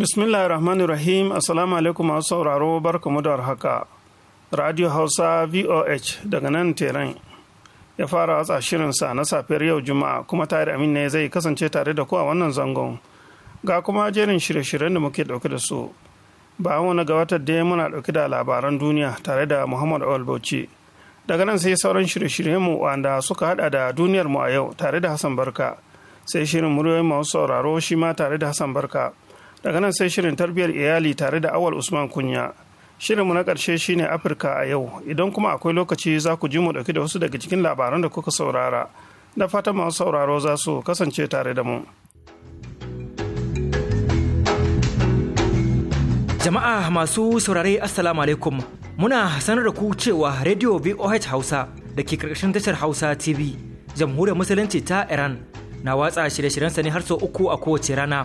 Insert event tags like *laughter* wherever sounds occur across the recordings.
Bismillahi rahmanir rahim assalamu alaikum masu sauraro barkamu da haka radio hausa voh daga nan teran ya fara watsa shirinsa na safiyar yau juma'a kuma tare amin ne zai kasance tare da ku a wannan zangon ga kuma jerin shirye-shiryen da muke dauke da su ba mu na gabatar da muna dauke da labaran duniya tare da muhammad awal bauchi daga nan sai sauran shirye-shiryen mu wanda suka hada da duniyar mu a yau tare da hassan barka sai shirin muryoyin masu sauraro shi ma tare da hassan barka daga nan sai shirin tarbiyyar iyali tare da awal usman kunya shirinmu na ƙarshe shine afirka a yau idan kuma akwai lokaci za ku ji mu ɗauki da wasu daga cikin labaran da kuka saurara da fatan masu sauraro za su kasance tare da mu jama'a masu saurare assalamu alaikum muna sanar da ku cewa radio voh hausa da ke karkashin tashar hausa tv jamhuriyar musulunci ta iran na watsa shirye shiryen ne har sau uku a kowace rana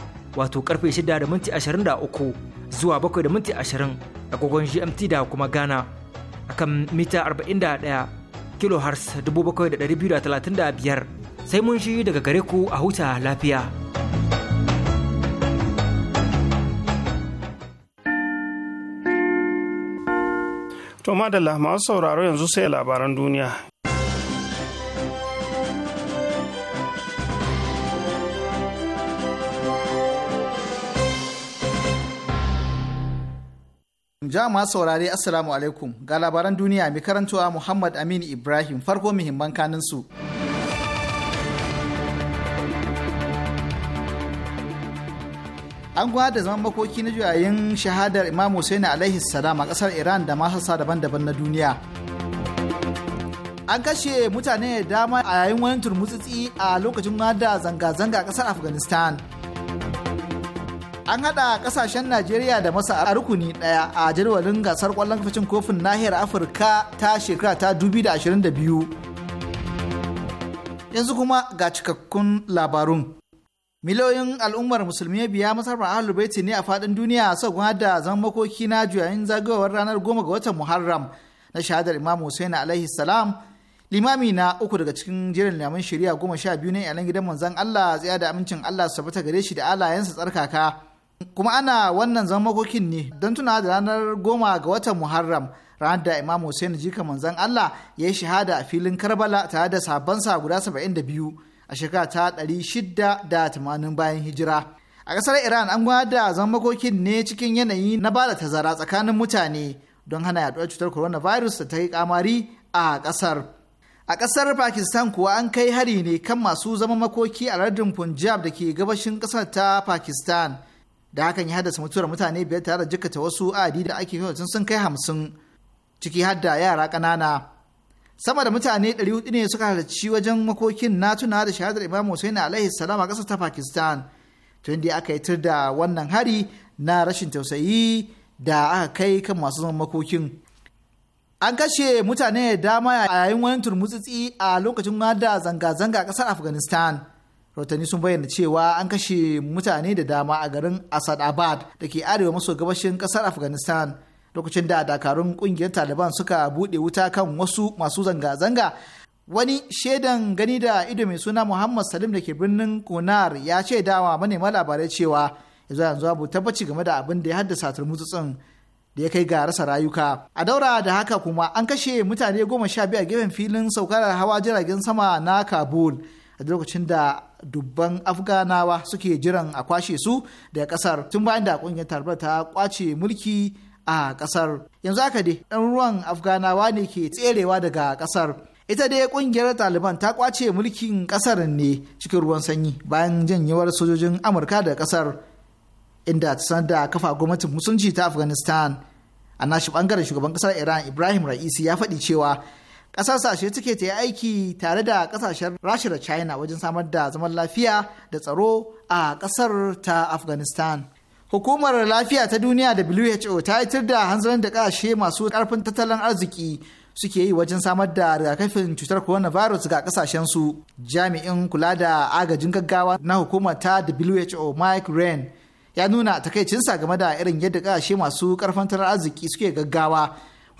wato karfe 6 da minti 23 zuwa 7 da minti 20 agogon GMT da kuma Ghana akan mita 41 kilohertz 7,235 sai mun shi daga gare ku a huta lafiya. To madalla masu sauraro yanzu sai labaran duniya jama'a saurare assalamu alaikum ga labaran duniya mai karantowa Muhammad Amin Ibrahim farko muhimman kanin su. An gwada da zaman makoki na juyayin shahadar Imam Hussein alaihi salam a kasar Iran da masassa daban-daban na duniya. An kashe mutane da dama a yayin wani turmutsitsi a lokacin da zanga-zanga a kasar Afghanistan. an haɗa ƙasashen najeriya da masa a rukuni ɗaya a jadawalin gasar ƙwallon kafacin kofin nahiyar afirka ta shekara ta biyu. yanzu kuma ga cikakkun labarun miliyoyin al'ummar musulmi biya masarar ahlul baiti ne a faɗin duniya sau da zan makoki na juyayin zagayowar ranar goma ga watan muharram na shahadar imam Hussaini alaihi salam limami na uku daga cikin jirin lamun shari'a goma sha biyu ne yalan gidan manzan Allah tsaya da amincin Allah su tabbata gare shi da alayensa tsarkaka kuma ana wannan zaman makokin ne don tuna da ranar goma ga watan muharram ranar da imam hussein jika manzan allah ya yi shahada a filin karbala tare da sabonsa guda 72 a shekara ta 680 bayan hijira a ƙasar iran an gwada zaman makokin ne cikin yanayi na ba da tazara tsakanin mutane don hana yaduwar cutar coronavirus da ta yi kamari a ƙasar a ƙasar pakistan kuwa an kai hari ne kan masu zaman makoki a lardin punjab da ke gabashin ƙasar ta pakistan da hakan ya haddasa mutuwar mutane biyar tare da jikata wasu adi da ake tun sun kai hamsin ciki har da yara ƙanana sama da mutane 400 ne suka halarci wajen makokin na tuna da shahadar imam hussein alaihi salam a ƙasar ta pakistan tun da aka yi da wannan hari na rashin tausayi da aka kai kan masu zaman makokin an kashe mutane da dama a yayin wani turmutsitsi a lokacin da zanga-zanga a ƙasar afghanistan rahotanni sun bayyana cewa an kashe mutane da dama a garin asadabad da ke arewa maso gabashin kasar afghanistan lokacin da dakarun kungiyar taliban suka bude wuta kan wasu masu zanga-zanga wani shaidan gani da ido mai suna muhammad salim da ke birnin kunar ya ce dawa manema labarai cewa yanzu yanzu abu tabbaci game da abin da ya haddasa turmutsutsun da ya kai ga rasa rayuka a daura da haka kuma an kashe mutane goma sha biyu a gefen filin saukar hawa jiragen sama na kabul a lokacin da dubban afganawa suke jiran a kwashe su da kasar tun bayan da kungiyar tarbar ta kwace mulki a kasar yanzu haka dai ruwan afganawa ne ke tserewa daga kasar ita dai kungiyar taliban ta kwace mulkin kasar ne cikin ruwan sanyi bayan janyewar sojojin amurka da kasar inda ta sanar da kafa gwamnatin musulunci ta afghanistan a nashi bangaren shugaban kasar iran ibrahim ra'isi ya faɗi cewa ƙasarsa shi suke ta aiki tare da ƙasashen rasha da china wajen samar da zaman lafiya da tsaro a ƙasar ta afghanistan hukumar lafiya ta duniya who ta yitar da hanzarin da ƙasashe masu ƙarfin tattalin arziki suke yi wajen samar da rigakafin cutar coronavirus ga su. jami'in kula da agajin gaggawa na hukumar ta who mike rain ya nuna takaicinsa game da irin yadda kasashe masu karfin tattalin arziki suke gaggawa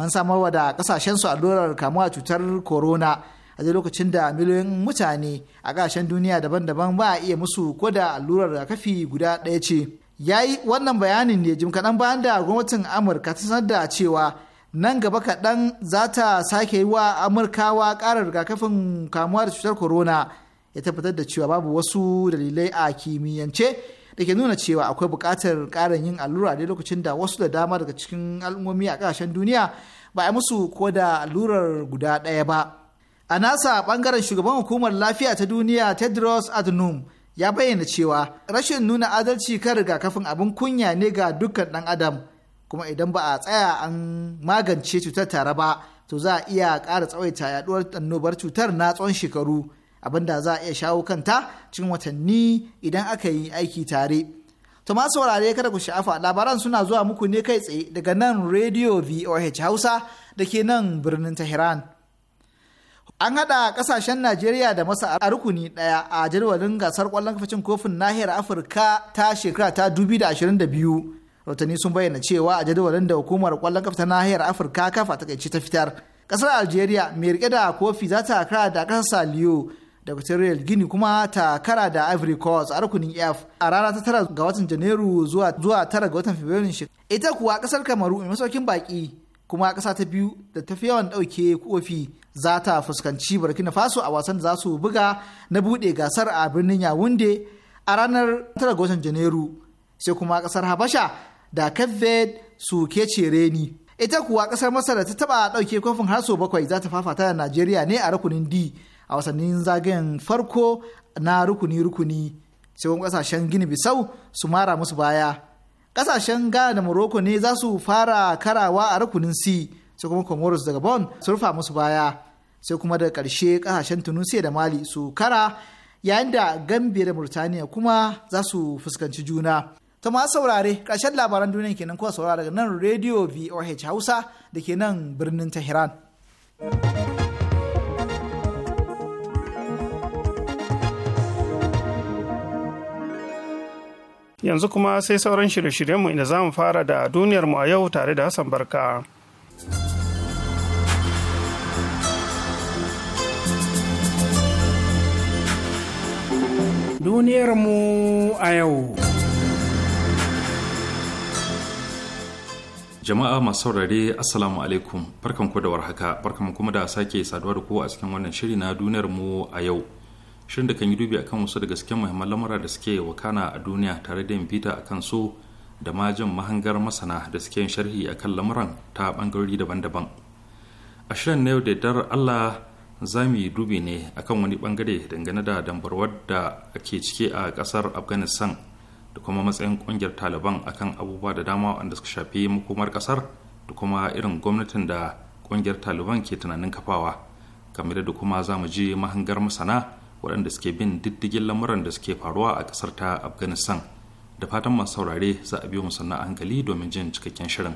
samar wa da su allurar kamuwa cutar corona a zai lokacin da miliyoyin mutane a kasashen duniya daban-daban ba a iya musu ko da allurar rigakafi guda ɗaya ce ya yi wannan bayanin ne jim kaɗan bayan da gwamnatin amurka ta sanar da cewa nan gaba kaɗan za ta sake yi wa amurkawa ƙarar rigakafin kamuwa da cutar corona ya tabbatar da cewa babu wasu dalilai a kimiyyance da ke nuna cewa akwai bukatar ƙarin yin allura da lokacin da wasu da dama daga cikin al'ummomi a ƙasashen duniya ba a musu ko da allurar guda ɗaya ba. A nasa ɓangaren shugaban hukumar lafiya ta duniya Tedros Adhanom ya bayyana cewa rashin nuna adalci kan rigakafin abin kunya ne ga dukkan ɗan adam kuma idan ba a tsaya an magance cutar tare ba to za a iya ƙara tsawaita yaɗuwar annobar cutar na tsawon shekaru. abin da za a iya shawo kanta cikin watanni idan aka yi aiki tare. To masu saurare kada ku sha'afa labaran suna zuwa muku ne kai tsaye daga nan Radio VOH Hausa da ke nan birnin Tehran. An haɗa ƙasashen Najeriya da masa a rukuni ɗaya a jadawalin gasar ƙwallon kafacin kofin nahiyar Afirka ta shekara ta 2022. Rautani sun bayyana cewa a jadawalin da hukumar kwallon kafa ta nahiyar Afirka kafa ta ta fitar. Ƙasar Algeria mai rike da kofi za ta kara da ƙasar Saliyo da Equatorial Guinea kuma ta kara da Ivory Coast a rukunin F a rana ta tara ga watan Janairu zuwa tara ga watan Fabrairu shi. Ita kuwa kasar Kamaru mai masaukin baki kuma kasa ta biyu da ta fi yawan ɗauke kofi za ta fuskanci Burkina Faso a wasan da za su buga na buɗe gasar a birnin Yawunde a ranar tara ga watan Janairu. Sai kuma kasar Habasha da Cape su kece reni. Ita kuwa kasar Masar da ta taɓa ɗauke kofin har sau bakwai za ta fafata da Najeriya ne a rukunin D. a wasannin zagayen farko na rukuni-rukuni sai kuma kasashen gini bisau su mara musu baya kasashen ghana da morocco ne za su fara karawa a rukunin c sai kuma comoros da gabon su rufa musu baya sai kuma da karshe kasashen tunisia da mali su kara yayin da gambia da murtaniya kuma za su fuskanci juna ta masu saurare ƙarshen labaran duniya kenan kuwa saurara daga nan radio voh hausa da ke nan birnin tehran. yanzu kuma sai sauran shirye-shiryenmu inda za mu fara da duniyarmu a yau tare da Hassan Barka. Duniyarmu a yau. Jama'a masu saurare Assalamu alaikum barkanku da warhaka barkanku kuma da sake saduwa da ku a cikin wannan shiri na duniyarmu a yau. shirin da kan yi dubi akan wasu da gaske muhimman lamura da suke wakana a duniya tare da bita akan su da ma jin mahangar masana da suke yin sharhi akan lamuran ta bangarori daban-daban a shirin na yau da dar allah za mu yi dubi ne akan wani bangare dangane da dambarwar da ake cike a kasar afghanistan da kuma matsayin kungiyar taliban akan abubuwa da dama wanda suka shafi makomar kasar da kuma irin gwamnatin da kungiyar taliban ke tunanin kafawa kamar da kuma za mu ji mahangar masana waɗanda suke bin diddigin lamuran da suke faruwa a ƙasar ta afghanistan da fatan masu saurare za a biyo musamman a hankali domin jin cikakken shirin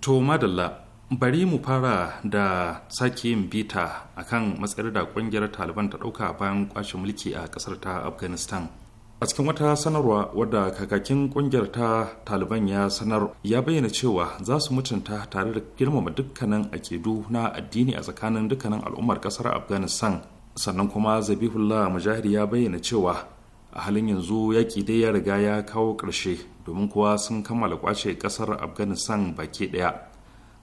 to madalla bari mu fara da sake yin bita akan matsayar da kungiyar taliban ta dauka bayan kwashe mulki a kasar ta afghanistan a cikin wata sanarwa wadda kakakin kungiyar ta taliban ya sanar ya bayyana cewa za su mutunta tare da girmama dukkanin akidu na addini a tsakanin dukkanin al'ummar kasar afghanistan sannan kuma zabihullah mujahid ya bayyana cewa a halin yanzu yaƙi dai ya riga ya kawo ƙarshe domin kuwa sun kammala kwace kasar afghanistan baki ɗaya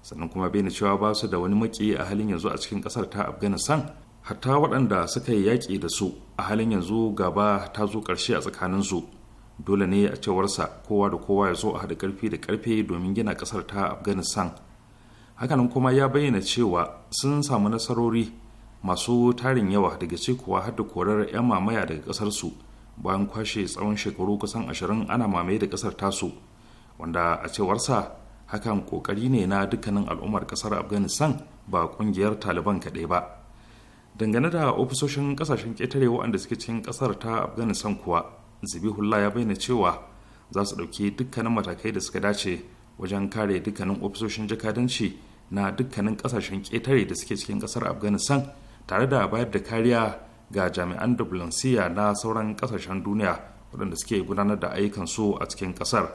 sannan kuma bayyana cewa ba su da wani maki a halin yanzu a cikin kasar ta afghanistan hatta waɗanda suka yi yaƙi da su a halin yanzu gaba ta zo ƙarshe a tsakaninsu dole ne a cewarsa kowa da kowa ya zo a haɗa ƙarfi da ƙarfe domin gina ƙasar ta afghanistan hakanan kuma ya bayyana cewa sun samu nasarori masu tarin yawa daga cikowa har da korar 'yan mamaya daga ƙasar su bayan kwashe tsawon shekaru kusan ashirin ana mamaye da ƙasar tasu wanda a cewarsa hakan ƙoƙari ne na dukkanin al'ummar ƙasar afghanistan ba ƙungiyar taliban kaɗai ba dangane da ofisoshin kasashen ƙetare waɗanda suke cikin ƙasar ta afghanistan kuwa zabihullah ya bayyana cewa za su ɗauki dukkanin matakai da suka dace wajen kare dukkanin ofisoshin jakadanci na dukkanin kasashen ƙetare da suke cikin ƙasar afghanistan tare da bayar da kariya ga jami'an dublinsiya na sauran kasashen duniya waɗanda suke gudanar da ayyukan su a cikin ƙasar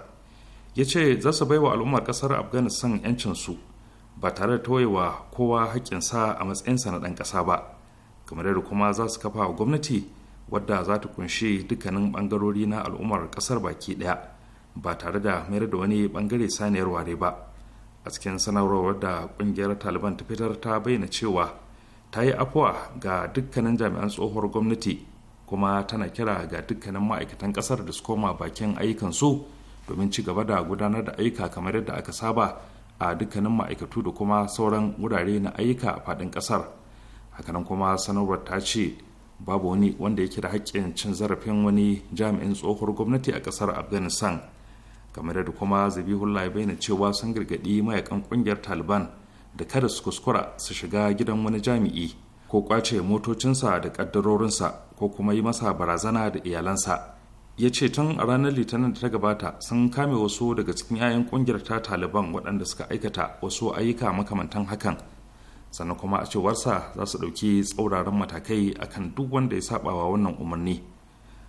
ya ce za su bai wa al'ummar ƙasar afghanistan 'yancinsu ba tare da toyewa kowa haƙƙinsa a matsayinsa na ɗan ƙasa ba kamar yadda kuma za su kafa gwamnati wadda za ta kunshi dukkanin bangarori na al'ummar kasar baki daya ba tare da mayar da wani bangare saniyar ware ba a cikin sanarwar da kungiyar taliban ta fitar ta bayyana cewa ta yi afuwa ga dukkanin jami'an tsohuwar gwamnati kuma tana kira ga dukkanin ma'aikatan kasar da su koma bakin su domin ci gaba da gudanar da ayyuka kamar yadda aka saba a dukkanin ma'aikatu da kuma sauran wurare na ayyuka a faɗin ƙasar hakanan kuma sanarwar ta ce babu wani wanda yake da haƙƙin cin zarafin wani jami'in tsohuwar gwamnati a ƙasar afghanistan kamar da kuma zabihullah ya bayyana cewa sun gargaɗi mayakan ƙungiyar taliban da kada su kuskura su shiga gidan wani jami'i ko kwace motocinsa da ƙaddarorinsa ko kuma yi masa barazana da iyalansa ya ce tun a ranar litinin da ta gabata sun kame wasu daga cikin 'ya'yan ƙungiyar ta taliban waɗanda suka aikata wasu ayyuka makamantan hakan sannan kuma a cewarsa za su ɗauki tsauraran matakai akan duk wanda ya sabawa wannan umarni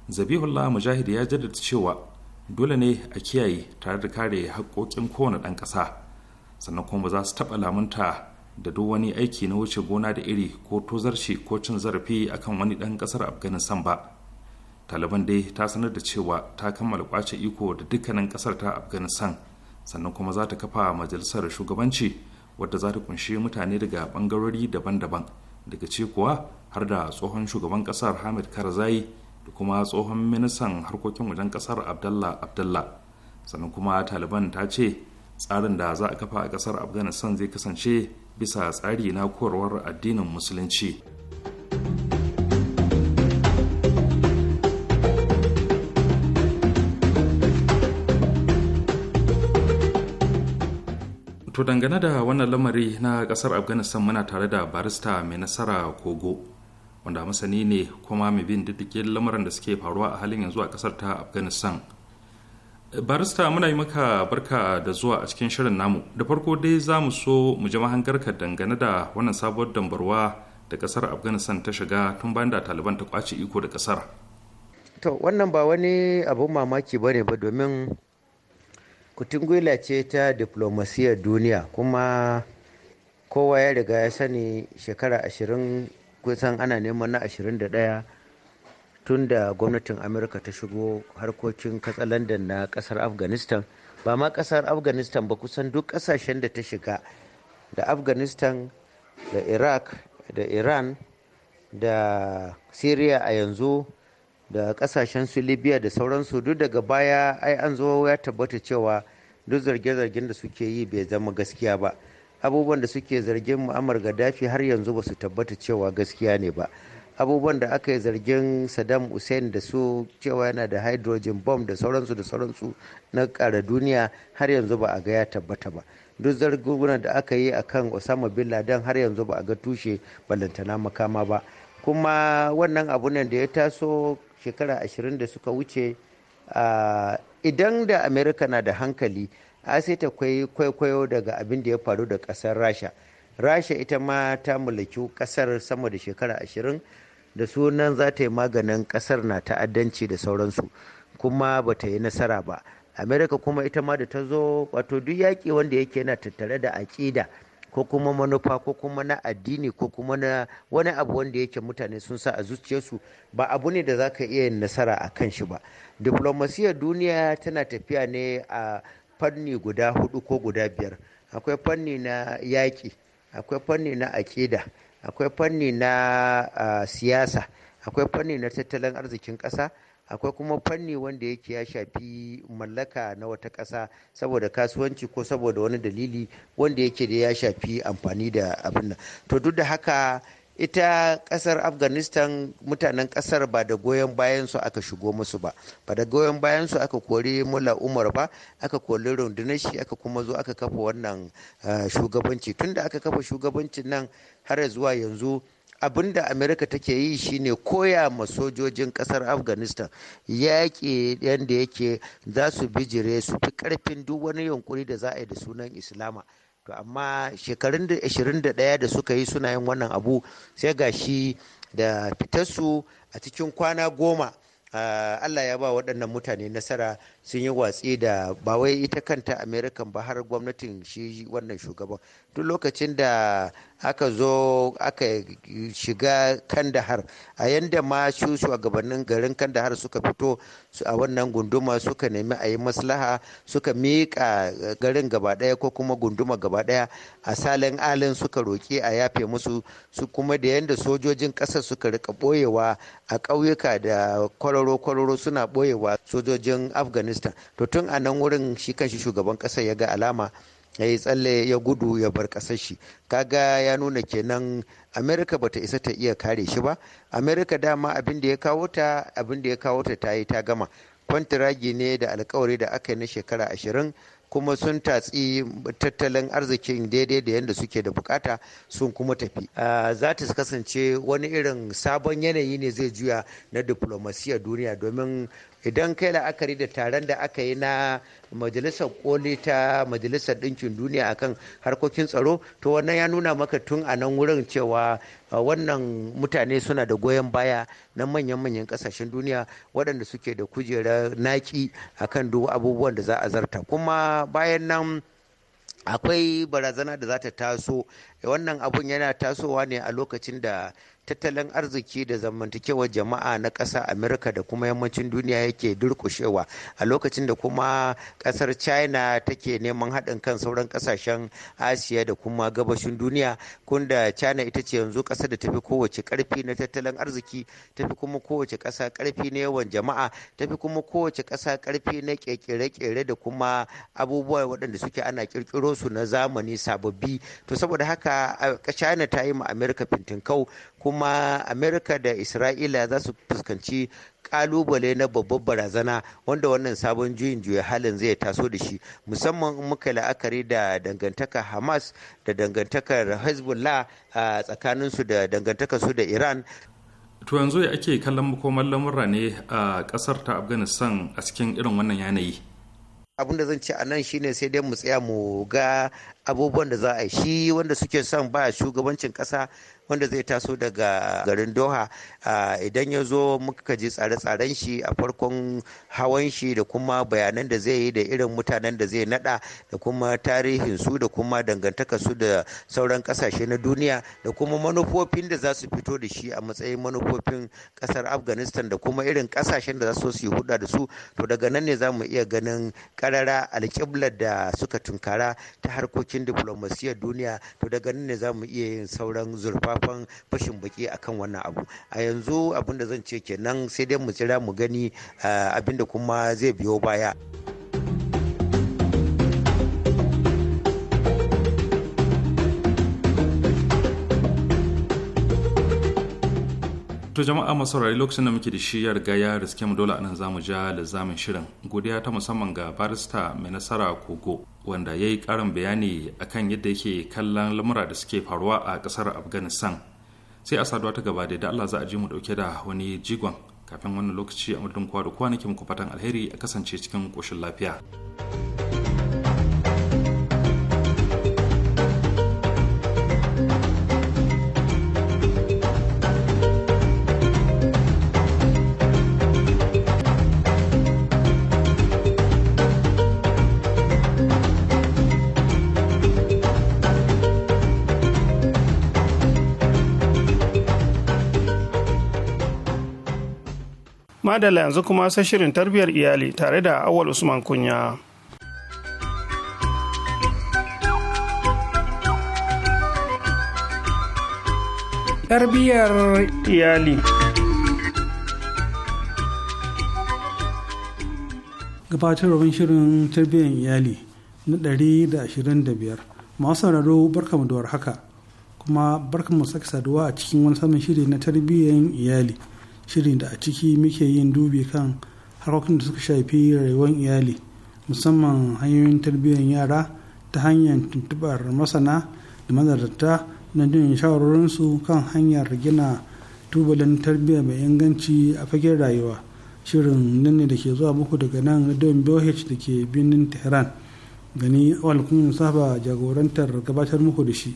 zabihullah mujahid ya jaddada cewa dole ne a kiyaye tare da kare haƙƙoƙin kowane ɗan ƙasa sannan kuma za su taɓa lamunta da duk wani aiki na wuce gona da iri ko tozarci ko cin zarafi akan wani ɗan ƙasar afghanistan ba taliban dai ta sanar da cewa ta kammala kwace iko da dukkanin ƙasar ta afghanistan sannan kuma za ta kafa majalisar shugabanci wadda za ta kunshi mutane daga bangarori daban-daban daga ce kuwa har da tsohon shugaban kasar hamid karzai da kuma tsohon ministan harkokin wajen kasar abdallah abdallah sannan kuma taliban ta ce tsarin da za a kafa a kasar afghanistan zai kasance bisa tsari na koyarwar addinin musulunci. to dangane da wannan lamari na kasar afghanistan muna tare da barista mai nasara kogo wanda masani ne kuma mai bin diddigin lamarin da suke faruwa a halin yanzu a kasar ta afghanistan barista muna yi maka barka da zuwa a cikin shirin namu da farko dai za mu so mu ji mahangarka dangane da wannan sabuwar dambarwa da kasar afghanistan ta shiga tun bayan da taliban ta kwace iko da kasar to wannan ba wani abun mamaki bane ba domin kutungula ce ta diplomasiyar duniya kuma kowa ya riga ya sani shekara ashirin kusan ana neman na ashirin da ɗaya tun da gwamnatin amurka ta shigo harkokin katsalandan na kasar afghanistan ba ma kasar afghanistan ba kusan duk ƙasashen da ta shiga da afghanistan da iraq da iran da syria a yanzu da kasashen su libya da sauransu duk daga baya ai an zo ya tabbata cewa duk zarge-zargen da suke yi bai zama gaskiya ba abubuwan da suke zargin mu'amar gaddafi har yanzu ba su tabbata cewa gaskiya ne ba abubuwan da aka yi zargin saddam hussein da su cewa yana da hydrogen bomb da sauransu da sauransu na ƙara duniya har yanzu ba a ga ya tabbata ba duk zargin da aka yi akan osama bin laden har yanzu ba a ga tushe ballantana makama ba kuma wannan abu ne da ya taso shekara ashirin da suka wuce idan da amerika na da hankali a sai ta kwaikwayo daga abin da ya faru da kasar rasha rasha ita ma ta mulki kasar sama da shekara ashirin da sunan za ta yi maganin kasar na ta'addanci da sauransu kuma ba ta yi nasara ba amerika kuma ita ma da ta zo wato duk yaƙi wanda yake na tattare da aƙida ko kuma manufa ko kuma na addini ko kuma na wani abu wanda yake mutane sun sa a zuciyarsu ba abu ne da za ka iya yin nasara a kan shi ba diplomasiyar duniya tana tafiya ne a fanni guda hudu ko guda biyar akwai fanni na yaƙi akwai fanni na aƙida akwai fanni na ah, siyasa akwai fanni na tattalin arzikin ƙasa akwai kuma fanni wanda yake ya shafi mallaka na wata ƙasa saboda kasuwanci ko saboda wani dalili wanda yake da ya shafi amfani da abin nan to duk da haka ita ƙasar afghanistan mutanen ƙasar ba da goyon bayan su aka shigo musu ba ba da goyon bayan su aka kori mula umar ba aka kori rundunar shi aka kuma zo aka kafa wannan eh, shugabanci tunda aka kafa shugabancin nan har zuwa yanzu abin da amerika take yi shine koya ma sojojin kasar afghanistan yaƙi yadda yake za su bijire su fi ƙarfin duk wani yunkuri da za a yi da sunan islama to amma shekarun da 21 da suka yi suna yin wannan abu sai ga shi da fitarsu a cikin kwana goma ah, allah ya ba waɗannan mutane nasara sun yi watsi da ba wai ita kanta american ba har gwamnatin shi wannan shugaban duk lokacin da aka zo aka shiga kandahar a yadda ma su shugabannin garin kandahar suka fito a wannan gunduma suka nemi a yi maslaha suka miƙa garin gaba ɗaya ko kuma gunduma gaba ɗaya a salin alin suka roƙi a yafe musu su kuma da yadda sojojin ƙasar suka rika ɓoyewa a ƙauyuka da kwararo-kwararo suna ɓoyewa sojojin afghanistan afghanistan to tun a nan wurin shi kanshi shugaban kasar ya ga alama ya yi tsalle ya gudu ya bar kasar shi kaga ya nuna kenan amerika bata isa ta iya kare shi ba amerika dama abin da ya kawo ta abin da ya kawo ta ta yi ta gama kwantiragi ne da alkawari da aka yi na shekara ashirin kuma sun tatsi tattalin arzikin daidai da yadda suke da bukata sun kuma tafi za ta kasance wani irin sabon yanayi ne zai juya na diplomasiyar duniya domin idan kai la'akari da taron da aka yi na majalisar koli ta majalisar ɗinkin duniya akan harkokin tsaro to wannan ya nuna maka tun a nan wurin cewa wannan mutane suna da goyon baya na manyan-manyan ƙasashen duniya waɗanda suke da kujerar naki akan duk abubuwan da za a zarta kuma bayan nan akwai barazana da za ta taso wannan abun yana tasowa ne a lokacin da tattalin arziki da zamantakewar jama'a na ƙasa Amerika da kuma yammacin duniya yake durkushewa a lokacin da kuma ƙasar China take neman haɗin kan sauran ƙasashen Asiya da kuma gabashin duniya kunda China ita ce yanzu ƙasa da tafi kowace ƙarfi na tattalin arziki tafi kuma kowace ƙasa ƙarfi na yawan jama'a tafi kuma kowace ƙasa ƙarfi na ƙirƙire-ƙire da kuma abubuwa waɗanda suke ana ƙirƙiro su na zamani sababbi to saboda haka China ta yi ma Amerika fintinkau kuma kuma amerika da isra'ila za su fuskanci kalubale na babbar barazana wanda wannan sabon juyin juya halin zai taso da shi musamman in muka la'akari da dangantaka hamas da dangantakar hezbollah a su da su da iran to yanzu ya ake kallon makomar lamura ne a kasar ta afghanistan a cikin irin wannan yanayi abin da zan ci a nan shine sai dai mu tsaya mu ga abubuwan da za a yi shi wanda suke son ba shugabancin kasa wanda zai taso daga garin doha idan ya zo muka ji tsare-tsaren shi a farkon hawan shi da kuma bayanan da zai yi da irin mutanen da zai nada da kuma tarihin su da kuma dangantaka su da sauran kasashe na duniya da kuma manufofin da za su fito da shi a matsayin manufofin kasar afghanistan da kuma irin kasashen da za su yi huda da su to daga nan ne za mu iya ganin karara alƙiblar da suka tunkara ta harkokin diflomasiyyar duniya to daga nan ne za mu iya yin sauran zurfafa zafafan fashin baki akan wannan abu a yanzu abin da zan ce kenan sai dai mu jira mu gani eh, abin da kuma zai biyo baya. to jama'a masu saurari lokacin da muke da shi ya riga ya riske mu dole anan zamu ja da zamin shirin godiya ta musamman ga barista mai nasara kogo wanda ya yi karin bayani akan yadda yake kallon lamura da suke faruwa a kasar afghanistan sai a saduwa ta gaba da allah za a ji mu dauke da wani jigon kafin wannan lokaci a madadin kowa da kowa nake muku fatan alheri a kasance cikin koshin lafiya. madala yanzu kuma sai shirin tarbiyar iyali tare da awal usman kunya tarbiyyar iyali gabatarwar shirin tarbiyar iyali na 125 masu sauraro mu da haka kuma barka mu sake saduwa a cikin wani samun shiri na tarbiyar iyali shirin da a ciki muke yin dubi kan harkokin da suka shafi rayuwar iyali musamman hanyoyin tarbiyyar yara ta hanyar tuntubar masana da mazarta na jin shawarorinsu kan hanyar gina tubalin tarbiyya mai inganci a fagen rayuwa shirin nan ne da ke zuwa muku daga nan don boh da ke birnin tehran gani awal kuma saba jagorantar gabatar muku da shi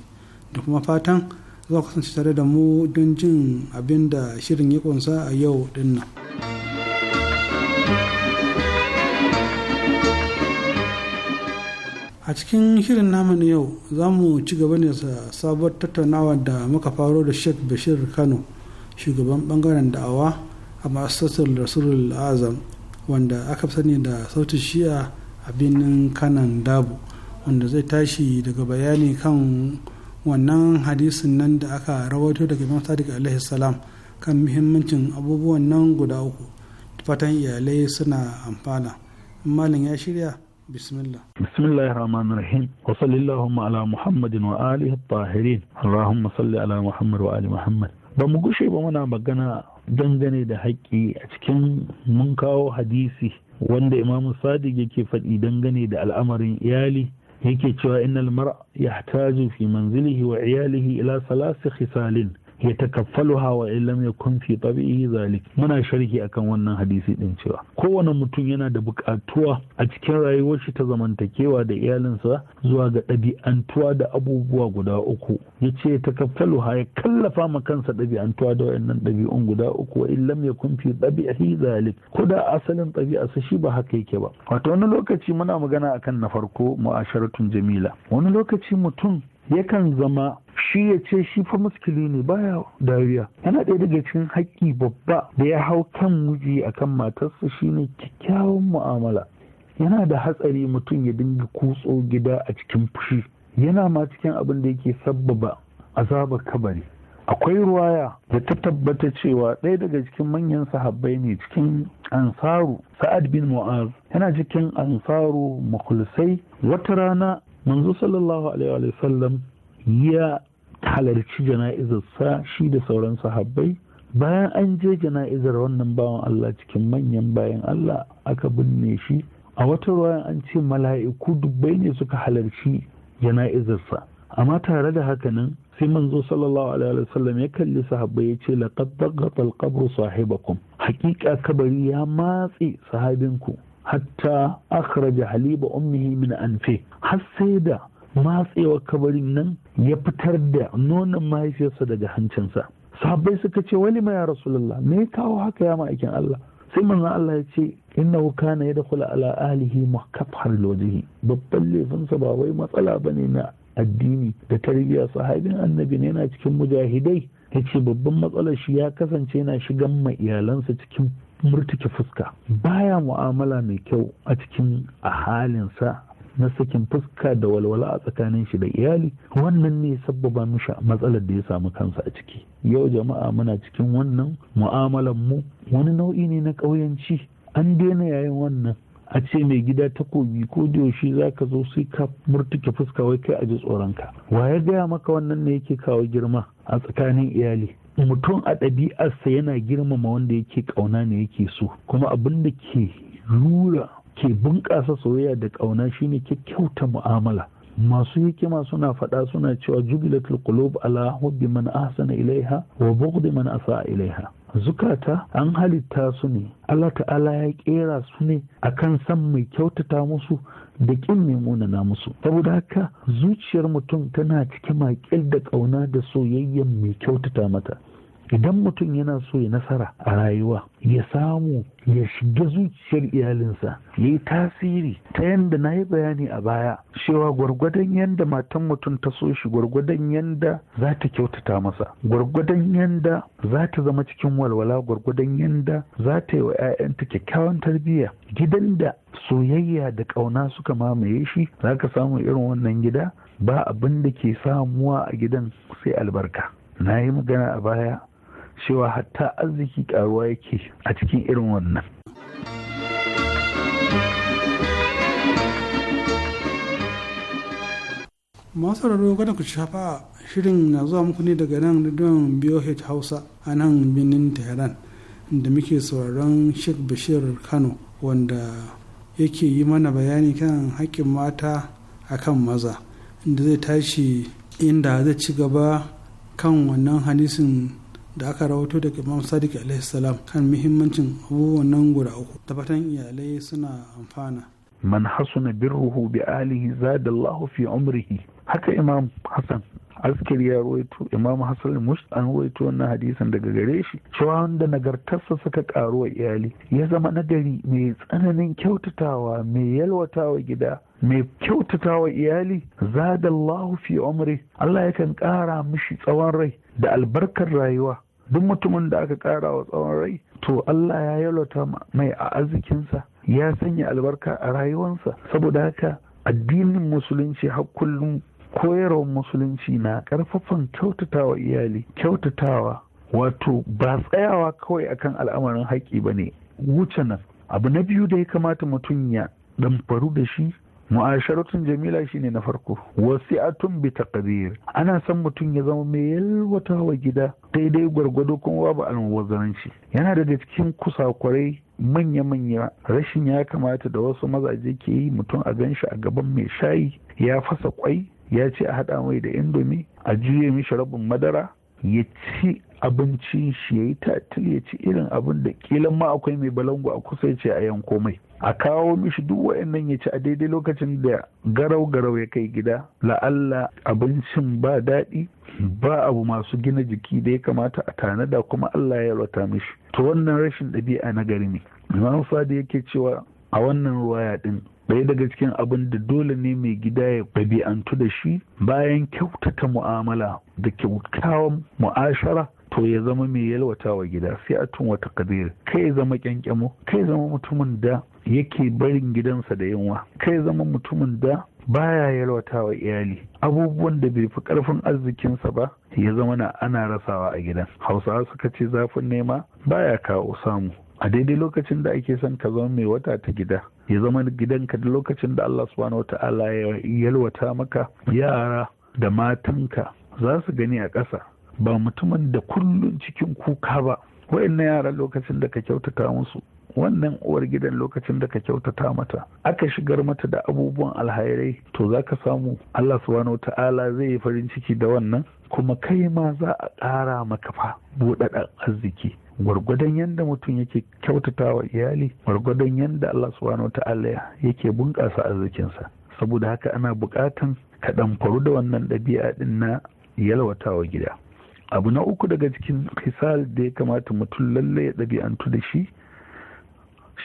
da kuma fatan za ku kasance tare da mu don jin abin da shirin ya kunsa a yau din a cikin shirin namu yau za mu ci gaba ne sa sabon tattaunawa da muka faro da sheikh bashir kano shugaban bangaren da'awa a masassar rasulul azam wanda aka sani da sautin shi'a a binin kanan dabu wanda zai tashi daga bayani kan wannan hadisin nan da aka rawato daga imam sadiq alaihi salam kan muhimmancin abubuwan nan guda uku fatan iyalai suna amfana malam ya shirya بسم الله بسم الله الرحمن الرحيم وصل اللهم على محمد tahirin allahumma salli ala muhammad wa ali muhammad. ba mu gushe ba muna magana dangane da haƙƙi a cikin mun kawo hadisi wanda imamu sadiq yake faɗi dangane da al'amarin iyali هيك ان المرء يحتاج في منزله وعياله الى ثلاث خصال ya takaffalu hawa illam ya kun fi tabi'ihi zalik muna sharhi akan wannan hadisi din cewa kowane mutum yana da bukatuwa a cikin rayuwar shi ta zamantakewa da iyalinsa zuwa ga ɗabi'antuwa da abubuwa guda uku ya ce takaffalu ha ya kallafa ma kansa ɗabi'antuwa da wayannan ɗabi'un guda uku wa illam ya kumfi fi tabi'ihi zalik ko da asalin ɗabi'arsa shi ba haka yake ba wato wani lokaci muna magana akan na farko mu'asharatun jamila wani lokaci mutum yakan zama shi ya ce shi fa muskili ne baya dariya yana ɗaya daga cikin haƙƙi babba da ya hau kan wuji akan matarsa shine kyakkyawan mu'amala yana da hatsari mutum ya dinga kutso gida a cikin fushi yana ma cikin abin da yake sabbaba azabar kabari akwai ruwaya da ta tabbata cewa ɗaya daga cikin manyan sahabbai ne cikin ansaru sa'ad bin mu'az yana cikin ansaru makulisai wata rana manzo sallallahu alaihi wa sallam ya halarci jana'izar sa shi da sauran sahabbai bayan an je jana'izar wannan bawan Allah cikin manyan bayan Allah aka binne shi a wata ruwan an ce mala'iku dubbai ne suka halarci jana'izarsa amma tare da haka nan sai manzo sallallahu alaihi wa sallam ya kalli sahabbai ya ce laqad daghata al sahibakum haqiqa kabari ya matsi sahabinku hatta akhraja haliba ummihi min anfe har sai da matsewa kabarin nan ya fitar da nonon mahaifiyarsa daga hancinsa sahabbai suka ce wani ma ya rasulullah me ya kawo haka ya ma'aikin Allah sai manzon Allah ya ce innahu kana yadkhulu ala ahlihi kafar lawjihi babban laifinsa ba wai matsala bane na addini da tarbiyya sahabin annabi ne yana cikin mujahidai ya ce babban matsalar shi ya kasance yana shigan ma iyalansa cikin murtuke fuska baya mu'amala mai kyau a cikin a halinsa na sakin fuska da walwala a tsakanin shi da iyali wannan ne sabbaba mishi matsalar da ya samu kansa a ciki yau jama'a muna cikin wannan mu'amalar mu wani nau'i ne na ƙauyanci an daina yayin wannan a ce mai gida takobi ko da yaushe za ka zo sai ka murtuke fuska wai kai a ji tsoronka wa ya gaya maka wannan ne yake kawo girma a tsakanin iyali mutum a ɗabi'arsa yana girmama wanda yake ƙauna ne yake so kuma abin da ke rura ke bunƙasa soyayya da ƙauna shine kyakkyauta mu'amala masu hikima suna faɗa suna cewa jubilatul qulub ala hubbi man ahsana ilaiha wa bughdi man asaa ilaiha zukata an halitta su ne Allah ta'ala ya kera su ne akan san mai kyautata musu da ƙin ne na musu saboda haka zuciyar mutum tana cike maƙil da ƙauna da soyayyen mai kyautata mata idan mutum yana so ya nasara a rayuwa ya samu ya shiga zuciyar iyalinsa ya yi tasiri ta yadda na yi bayani a baya cewa gwargwadon yadda matan mutum ta so shi gwargwadon yadda za ta kyautata masa gwargwadon yadda za ta zama cikin walwala gwargwadon yadda za ta yi wa 'ya'yanta kyakkyawan tarbiyya gidan da soyayya da ƙauna suka mamaye shi za ka samu irin wannan gida ba abin da ke samuwa a gidan sai albarka na yi magana a baya cewa hatta arziki karuwa yake a cikin irin wannan masu raro gada ku shafa shirin na zuwa muku ne daga nan rediyon BOH Hausa a nan birnin Tehran da muke sauraron Sheikh Bashir Kano wanda yake yi mana bayani kan haƙƙin mata a kan maza inda zai tashi inda zai ci gaba kan wannan hadisin da aka rawato daga imam sadiq alaihi salam kan muhimmancin abubuwan nan guda uku tabbatan iyalai suna amfana man hasuna birruhu bi alihi Allah fi umrihi haka imam hasan askir ya ruwaito imam hassan mush an ruwaito wannan hadisin daga gare shi cewa wanda nagartarsa suka karu wa iyali ya zama nagari mai tsananin kyautatawa mai yalwatawa gida mai kyautatawa iyali Allah fi umri Allah yakan kara mishi tsawon rai da albarkar rayuwa duk mutumin da aka ƙara wa tsawon rai to Allah ya yalwata mai a arzikinsa ya sanya albarka a rayuwansa? saboda haka addinin musulunci har kullum koyarwar musulunci na ƙarfafan kyautatawa iyali kyautatawa wato ba tsayawa kawai akan al'amarin haƙƙi ba ne wuce nan abu na biyu da ya kamata mutum ya ɗamfaru da shi mu'asharatun jamila shine na farko wasi'atun bi taqdir ana san mutum ya zama mai yalwata wa gida daidai gwargwado kuma babu almubazzaranci yana daga cikin kusakwarai manya-manya rashin ya kamata da wasu mazaje ke yi mutum a gan shi a gaban mai shayi ya fasa kwai ya ce a haɗa mai da indomi a juye mishi rabin madara ya ci abinci shi ya yi tatil ya ci irin abin da kilan ma akwai mai balangu a kusa ya ce a yan komai a kawo mishi duk wa'annan ya ci a daidai lokacin da garau garau ya kai gida la'alla abincin ba daɗi ba abu masu gina jiki da ya kamata a tanada kuma Allah ya rata mishi to wannan rashin ɗabi'a na gari ne imam fadi yake cewa a wannan ruwaya ɗin ɗaya daga cikin abin da dole ne mai gida ya ɗabi'antu da shi bayan kyautata mu'amala da kyautawan mu'ashara to ya zama mai yalwata wa gida sai a tun wata kadir kai zama kyankyamo kai zama mutumin da yake barin gidansa da yunwa kai zama mutumin da baya yalwata wa iyali abubuwan da bai fi karfin arzikinsa ba ya zama na ana rasawa a gidan hausawa suka ce zafin nema baya kawo samu a daidai lokacin da ake son ka zama mai wata ta gida ya zama gidanka da lokacin da Allah subhanahu wa ta'ala ya yalwata maka yara da matanka za su gani a ƙasa ba mutumin da kullum cikin kuka ba waɗannan yara lokacin da ka kyautata musu wannan uwar gidan lokacin da ka kyautata mata aka shigar mata da abubuwan alhairai to za ka samu Allah subhanahu ta'ala zai yi farin ciki da wannan kuma kai ma za a ƙara maka fa buɗaɗɗen arziki gwargwadon yadda mutum yake kyautata wa iyali gwargwadon yadda Allah subhanahu ta'ala yake bunƙasa arzikinsa saboda haka ana buƙatan ka ɗamfaru da wannan ɗabi'a ɗin na yalwatawa gida abu na uku daga cikin hisal da ya kamata mutum lalle ya ɗabi'antu da shi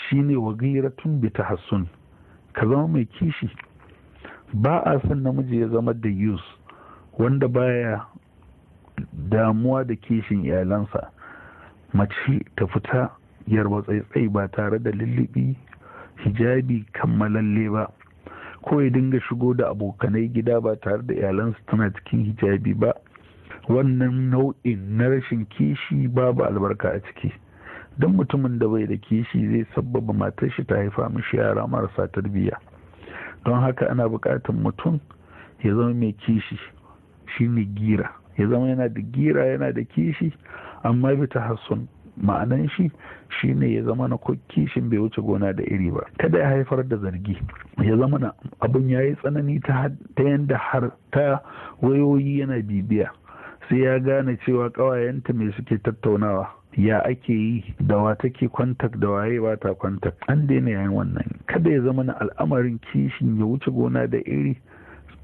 shine tun bi ta Hassun. ka zama mai kishi ba a son namiji ya zama da yus wanda baya damuwa da kishin iyalansa mace ta fita yarwa tsaitsai ba tare da lullubi hijabi kammalalle ba ko ya dinga shigo da abokanai gida ba tare da iyalansa tana cikin hijabi ba wannan nau'in na rashin kishi babu albarka a ciki don mutumin da bai da kishi zai sabbaba matar shi ta haifa mishi yara marasa tarbiyya don haka ana buƙatar mutum ya zama mai kishi shine gira ya zama yana da gira yana da kishi amma bi ta hasson ma'anan shi shine ya zama na kishin bai wuce gona da iri ba kada ya haifar da zargi ya zama na abin ya yi tsanani ta yadda har ta wayoyi yana bibiya sai ya gane cewa ƙawayenta me suke tattaunawa ya ake yi da wa take kwantak da waye ba ta kwantak an daina yayin wannan kada ya zama na al'amarin kishin ya wuce gona da iri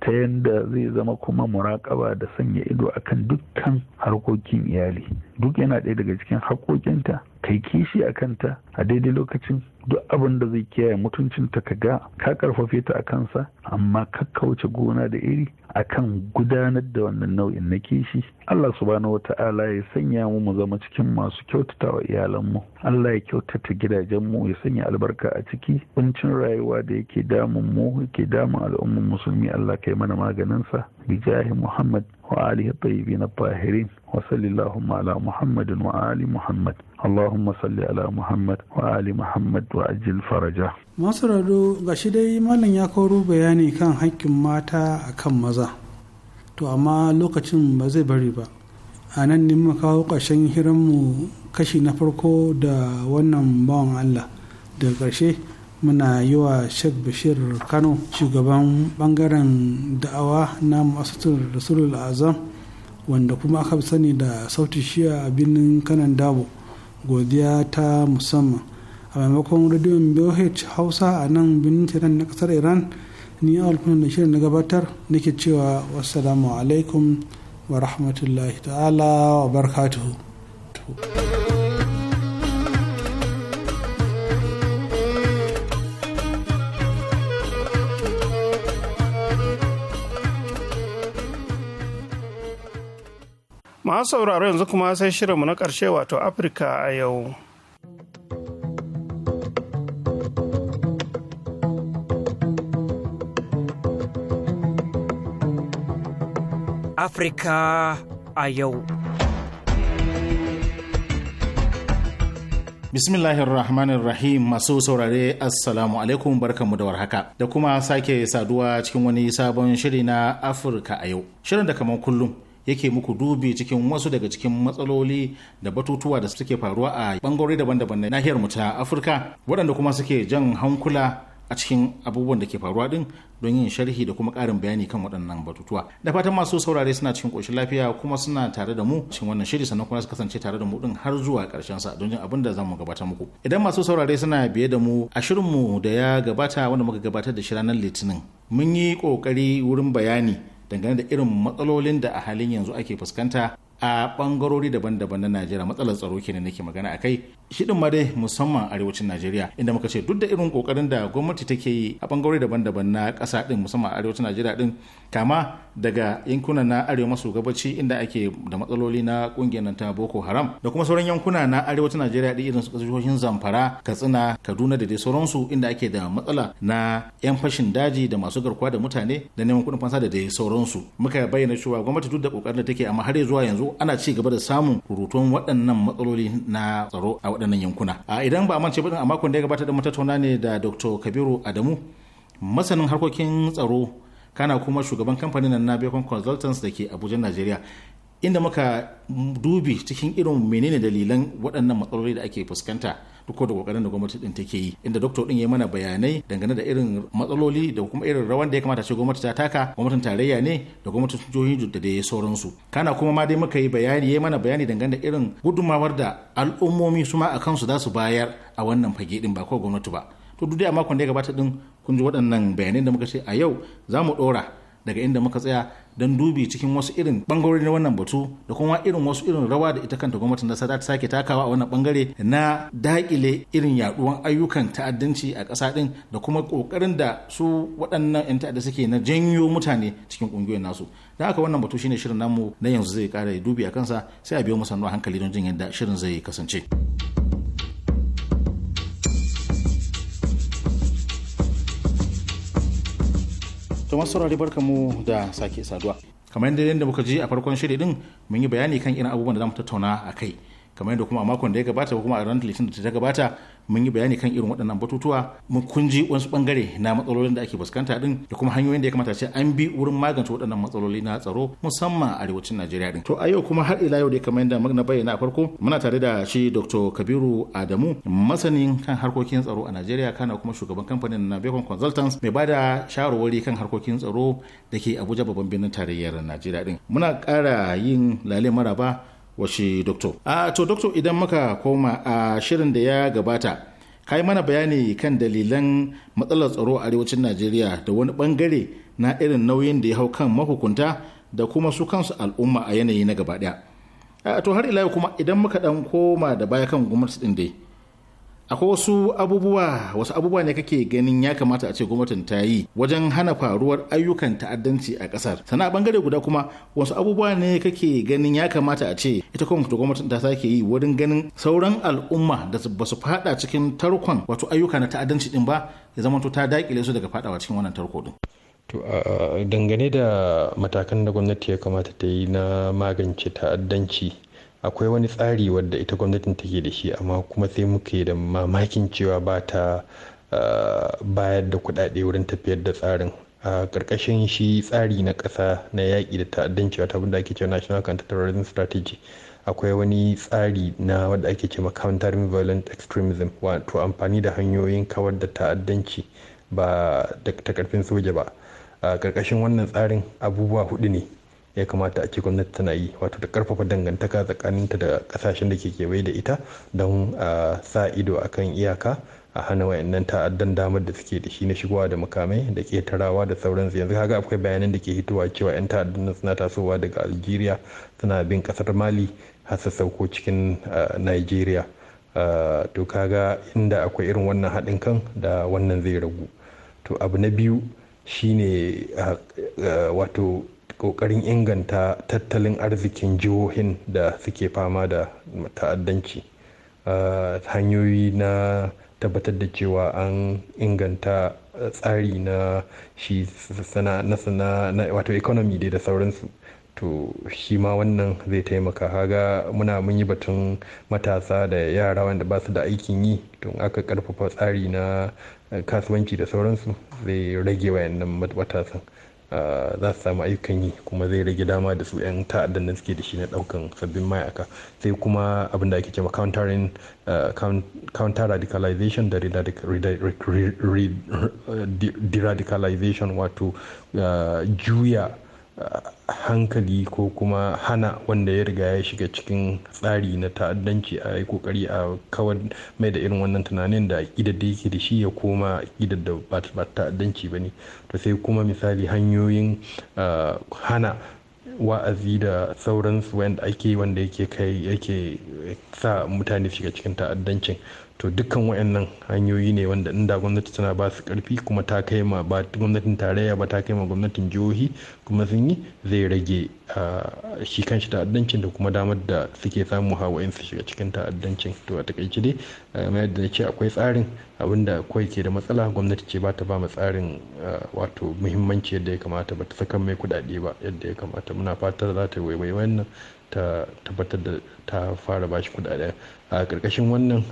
ta yadda zai zama kuma muraƙaba da sanya ido akan dukkan harkokin iyali duk yana ɗaya daga cikin haƙoƙinta kai kishi a kanta a daidai lokacin duk abin da zai kiyaye mutuncinta ka ga ka karfafe ta a kansa amma kakkauce gona da iri a kan gudanar da wannan nau'in na kishi Allah subhanahu ta'ala ya sanya mu mu zama cikin masu kyautatawa wa iyalanmu Allah ya kyautata gidajenmu ya sanya albarka a ciki kuncin rayuwa da yake damun mu yake damun al'ummar musulmi Allah kai mana maganinsa bijahi Muhammad وآله الطيبين الطاهرين وصل اللهم على محمد وآل محمد اللهم صل على محمد وآل محمد وأجل فرجه masu rado ga shi dai malam ya koro bayani kan haƙƙin mata a kan maza to amma lokacin ba zai bari ba a nan ne muka kawo ƙarshen hiranmu kashi na farko da wannan bawan allah daga ƙarshe muna yi wa sheikh bashir kano shugaban bangaren da'awa na masautun rasulul azam wanda kuma aka sani da sauti shiya a birnin kanan dabo godiya ta musamman a maimakon radiyon boh hausa a nan birnin tehran na kasar iran ni a da shirin na gabatar nake cewa wassalamu alaikum wa rahmatullahi ta'ala wa barakatuhu masu sauraro yanzu kuma sai shirinmu na ƙarshe wato afirka a yau afirka a yau Bismillahir Rahmanir Rahim masu saurare Assalamu alaikum barkanmu da warhaka da kuma sake saduwa cikin wani sabon shiri na Afirka a yau. Shirin da kamar kullum yake muku dubi cikin wasu daga cikin matsaloli da batutuwa da suke faruwa a bangarori daban-daban na nahiyar mu ta afirka waɗanda kuma suke jan hankula a cikin abubuwan da ke faruwa din don yin sharhi da kuma ƙarin bayani kan waɗannan batutuwa da fatan masu saurare suna cikin ƙoshin lafiya kuma suna tare da mu cikin wannan shiri sannan kuma su kasance tare da mu din har zuwa ƙarshen sa don jin abin da zamu gabatar muku idan masu saurare suna biye da mu a shirin mu da ya gabata wanda muka gabatar da shi ranar litinin mun yi ƙoƙari wurin bayani dangane da irin matsalolin da a halin yanzu ake fuskanta a bangarori daban-daban na najeriya matsalar tsaro kenan nake magana a kai shi din ma dai musamman arewacin najeriya inda muka ce duk da irin kokarin da gwamnati take yi a bangarori daban-daban na ƙasa din musamman arewacin najeriya din kama daga yankuna na arewa maso gabaci inda ake da matsaloli na kungiyar ta boko haram da kuma sauran yankuna na arewacin najeriya din irin su kasashen zamfara katsina kaduna da dai sauransu inda ake da matsala na yan fashin daji da masu garkuwa da mutane da neman kudin fansa da dai sauransu muka bayyana cewa gwamnati duk da kokarin da take amma har zuwa yanzu ana ci gaba da samun rutun waɗannan matsaloli na tsaro a waɗannan yankuna a idan ba mace ba a makon da ya gabata da matattauna ne da dr kabiru adamu masanin harkokin tsaro kana kuma shugaban kamfanin nan na bekon Consultants da ke Abuja Najeriya inda muka dubi cikin irin menene dalilan waɗannan matsaloli da ake fuskanta duk da kokarin da gwamnati din take yi inda doktor din ya mana bayanai dangane da irin matsaloli da kuma irin rawan da ya kamata ce gwamnati ta taka gwamnatin tarayya ne da gwamnatin jihohi da dai sauransu kana kuma ma dai muka yi bayani ya mana bayani dangane da irin gudummawar da al'ummomi su ma a kansu za su bayar a wannan fage din ba ko gwamnati ba to duk da makon da ya gabata din kun ji waɗannan bayanai da muka ce a yau za mu ɗora daga inda muka tsaya don dubi cikin wasu irin bangarori na wannan batu da kuma irin wasu irin rawa da ita kanta gwamnatin da ta sake takawa a wannan bangare na dakile irin yaduwan ayyukan ta'addanci a ƙasa din da kuma kokarin da su waɗannan 'yan ta'adda suke na janyo mutane cikin ƙungiyoyin nasu da haka wannan batu shine shirin namu na yanzu zai ƙara dubi a kansa sai a biyo mu sanuwa hankali don jin yadda shirin zai kasance. to masu saurari mu da sake saduwa kamar yadda da muka ji a farkon shiri din mun yi bayani kan irin abubuwan da mu tattauna a kai kamar yadda kuma a makon da ya gabata ko kuma a ranar litinin da ta gabata mun yi bayani kan irin waɗannan batutuwa mun kunji wasu bangare na matsalolin da ake fuskanta din da kuma hanyoyin da ya kamata ce an bi wurin magance waɗannan matsaloli na tsaro musamman a arewacin Najeriya din to a yau kuma har ila yau da kamar yadda na bayyana a farko muna tare da shi Dr. Kabiru Adamu masanin kan harkokin tsaro a Najeriya kana kuma shugaban kamfanin na Bacon Consultants mai bada shawarwari kan harkokin tsaro da ke Abuja babban birnin tarayyar Najeriya din muna ƙara yin lale maraba washe doktor. a to doktor idan muka koma a shirin da ya gabata kai mana bayani kan dalilan matsalar tsaro a arewacin najeriya da wani bangare na irin nauyin da ya hau kan mahukunta da kuma su kansu al'umma a yanayi na gaba daya to har ila kuma idan muka dan koma da baya kan gwamnati din dai akwai wasu abubuwa wasu abubuwa ne kake ganin ya kamata a ce gwamnatin ta yi wajen hana faruwar ayyukan ta'addanci a kasar sana bangare guda kuma wasu abubuwa ne kake ganin ya kamata a ce ita kuma gwamnatin ta sake yi wurin ganin sauran al'umma da ba su fada cikin tarkon wato ayyuka na ta'addanci din ba ya zamanto ta dakile su daga fadawa cikin wannan tarko din To dangane da matakan da gwamnati ya kamata ta yi na magance ta'addanci akwai wani tsari wadda ita gwamnatin take da shi amma kuma sai muke da mamakin cewa ba ta ah, bayar da kuɗaɗe wurin tafiyar da tsarin a karkashin shi tsari na ƙasa na yaƙi da ta'addanci wata abin da ake cewa national counter-terrorism strategy akwai wani tsari na wadda ake cewa counter violent extremism wato amfani da hanyoyin kawar da ta'addanci ba da ta karfin soja ba a ƙarƙashin wannan tsarin abubuwa hudu ne ya kamata a ce gwamnati tana yi wato da karfafa dangantaka tsakaninta da kasashen da ke kewaye da ita don a sa ido a kan iyaka a hana wayannan ta'addan damar da suke da shi na shigowa da makamai da ketarawa da sauransu yanzu kaga akwai bayanan da ke hitowa cewa 'yan ta'addan suna tasowa daga algeria suna bin kasar mali har su sauko cikin nigeria to kaga inda akwai irin wannan haɗin kan da wannan zai ragu to abu na biyu shine wato Ƙoƙarin inganta tattalin arzikin jihohin da suke fama da ta'addanci ah, hanyoyi na tabbatar da cewa an inganta tsari na shi sana na wato economy dai da sauransu to shi ma wannan zai taimaka haga muna mun yi batun matasa da yara wanda ba su da aikin yi to aka karfafa tsari na kasuwanci da sauransu zai rage wayannan matasan za su samu ayyukan yi kuma zai rage dama da su 'yan ta'addan da suke da shi na daukan sabbin mayaka sai kuma abin da ake cewa countering counter radicalization da radicalization wato juya hankali ko kuma hana wanda ya riga ya shiga cikin tsari na ta'addanci a yi kokari a kawar mai da irin wannan tunanin da aƙidar da yake da shi ya koma aƙidar da ba ta'addanci ba ne to sai kuma misali hanyoyin ah, hana wa'azi da sauransu wanda ake wanda yake yake sa mutane shiga cikin ta'addancin to dukkan wayannan hanyoyi ne wanda inda gwamnati tana ba su karfi kuma ta kai ma ba gwamnatin tarayya ba ta kai ma gwamnatin jihohi kuma sun yi zai rage shi kanshi ta'addancin da kuma damar da suke samu hawa'in su shiga cikin ta'addancin to a takaice dai yadda na ce akwai tsarin abinda kawai ke da matsala gwamnati ce ba ta ba tsarin wato muhimmanci yadda ya kamata ba ta saka mai kuɗaɗe ba yadda ya kamata muna fatar za ta yi waiwai wannan ta tabbatar da ta fara bashi kudaden a karkashin wannan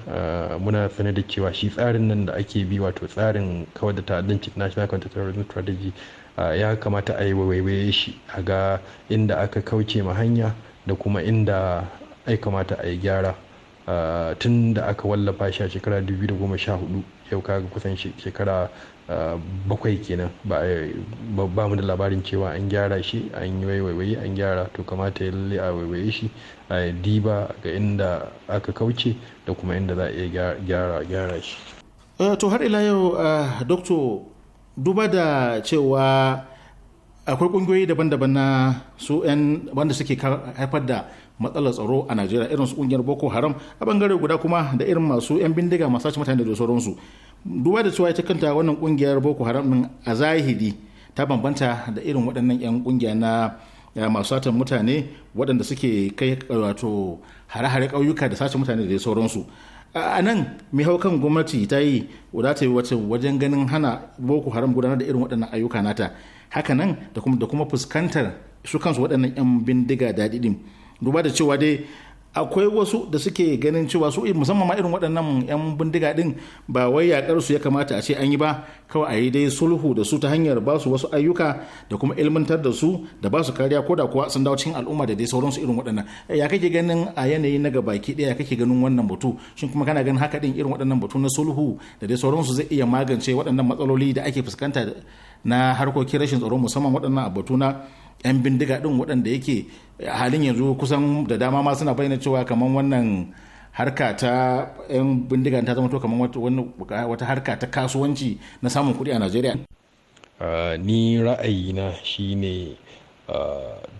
muna sane da cewa shi tsarin nan da ake bi wato tsarin kawar da ta'addanci national counter-terrorism strategy ya kamata a yi waiwaye shi a ga inda aka kauce ma hanya da kuma inda ai kamata a yi gyara tun da aka wallafa shi a shekara 2014 yau kaga kusan shekara bakwai kenan ba mu da labarin cewa an gyara shi an yi an gyara to kamata lalle a waiwaye shi a diba ga inda aka kauce da kuma inda za a iya gyara shi eh, to har ila yau ah, doktor duba da cewa akwai kungiyoyi daban-daban na su 'yan wanda suke haifar da matsalar tsaro a najeriya irin su kungiyar boko haram a bangare guda kuma da irin masu yan bindiga masu sace mutane da sauransu duba da cewa ita kanta wannan kungiyar boko haram din a zahiri ta bambanta da irin waɗannan yan kungiya na masu satan mutane waɗanda suke kai wato hare-hare ƙauyuka da sace mutane da sauransu a nan mai hau kan gwamnati ta yi wadata yi wata wajen ganin hana boko haram gudanar da irin waɗannan ayyuka nata haka da kuma fuskantar su kansu waɗannan 'yan bindiga daɗiɗin. duba da cewa dai akwai wasu da suke ganin cewa su musamman ma irin waɗannan 'yan bindiga din ba wai yaƙar su ya kamata a ce an yi ba kawai a yi dai sulhu da su ta hanyar ba su wasu ayyuka da kuma ilmantar da su da ba su kariya ko da kuwa sun dawo cikin al'umma da dai sauransu irin waɗannan ya kake ganin a yanayi na gabaki ɗaya ya kake ganin wannan batu shin kuma kana ganin haka din irin waɗannan batu na sulhu da dai sauransu zai iya magance waɗannan matsaloli da ake fuskanta na harkokin rashin tsaro musamman waɗannan a batu na 'yan bindiga ɗin waɗanda yake halin yanzu kusan da dama ma suna bayyana cewa kamar wannan harka ta 'yan bindiga ta zama to kamar wata harka ta kasuwanci na samun kuɗi a najeriya ni ra'ayina shine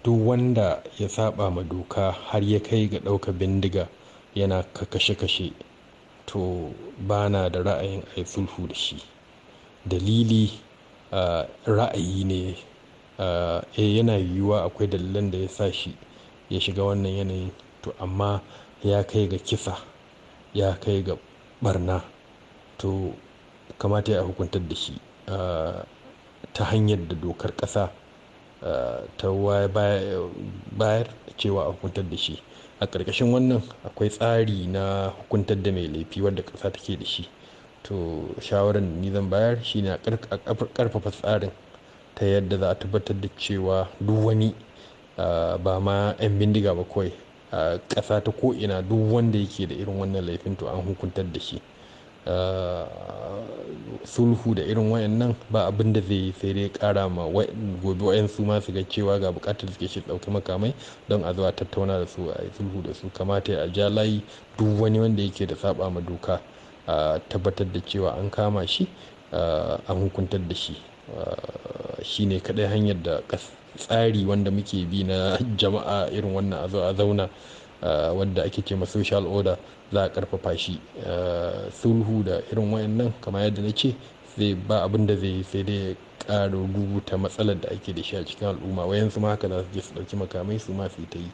duk wanda ya saba ma doka har ya kai ga ɗauka bindiga yana kashe-kashe to bana da ra'ayin a sulhu da shi dalili ra'ayi ne eh yana yiwuwa akwai dalilan da ya sa shi ya shiga wannan yanayin to amma ya kai ga kisa ya kai ga barna to kamata ya hukuntar da shi ta hanyar da dokar ƙasa ta bayar cewa a hukuntar da shi a ƙarƙashin wannan akwai tsari na hukuntar da mai laifi wadda ƙasa take da shi to shawarar da ni zan bayar shine a karfafa tsarin ta yadda za a tabbatar da cewa duk wani ba ma 'yan bindiga ba kawai a ƙasa ta ko'ina duk wanda yake da irin wannan laifin to an hukuntar da shi sulhu da irin wayan nan ba abin da zai sai dai kara ma gobe wayansu ma su ga cewa ga bukatar da suke shi dauki makamai don a zuwa tattauna da su a yi sulhu da su kamata a ja layi duk wani wanda yake da saba ma doka a tabbatar da cewa an kama shi an hukuntar da shi Eh, shi ne kaɗai hanyar da tsari wanda muke bi na *laughs* jama'a irin wannan a zauna eh, wadda ake ce ma social order za a karfafa shi eh, sulhu da irin wayannan kama yadda na ce zai ba abin da zai sai dai ƙara rubuta matsalar da ake da shi a cikin al'umma wayansu ma haka za su je su ɗauki makamai su ma su yi ta yi.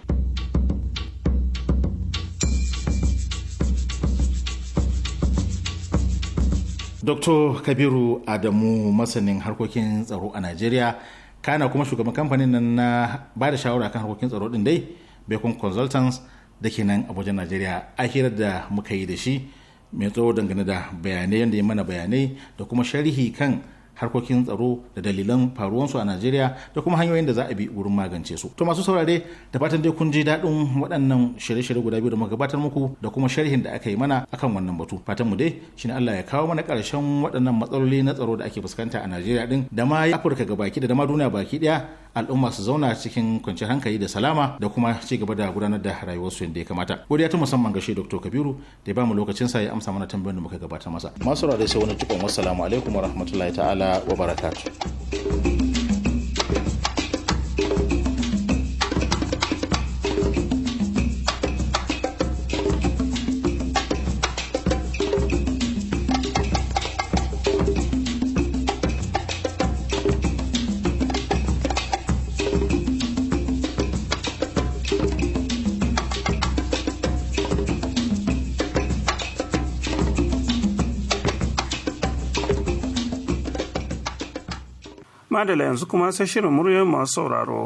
dr kabiru adamu masanin harkokin tsaro a najeriya kana kuma shugaban kamfanin nan na ba da shawara kan harkokin tsaro din dai bacon consultants da ke nan abuja najeriya a hirar da muka yi da shi mai tsoro dangane da bayanai yadda ya mana bayanai da kuma sharhi kan harkokin tsaro da dalilan faruwansu a najeriya da kuma hanyoyin da za a bi wurin magance su to masu saurare da fatan dai kun ji daɗin waɗannan shirye-shirye guda biyu da muka gabatar muku da kuma sharhin da aka yi mana akan wannan batu fatan mu dai shine allah ya kawo mana ƙarshen waɗannan matsaloli na tsaro da ake fuskanta a najeriya din da ma afirka baki da dama duniya baki ɗaya al'umma su zauna cikin kwanciyar hankali da salama da kuma ci gaba da gudanar da rayuwarsu yadda ya kamata godiya ta musamman ga shi dr kabiru da ya ba mu lokacin sa ya amsa mana tambayoyin da muka gabatar masa masu da sai wani cikon wassalamu alaikum rahmatullahi ta'ala ta'ala wa barakatuh madala yanzu kuma sai shirin muryoyin masu sauraro.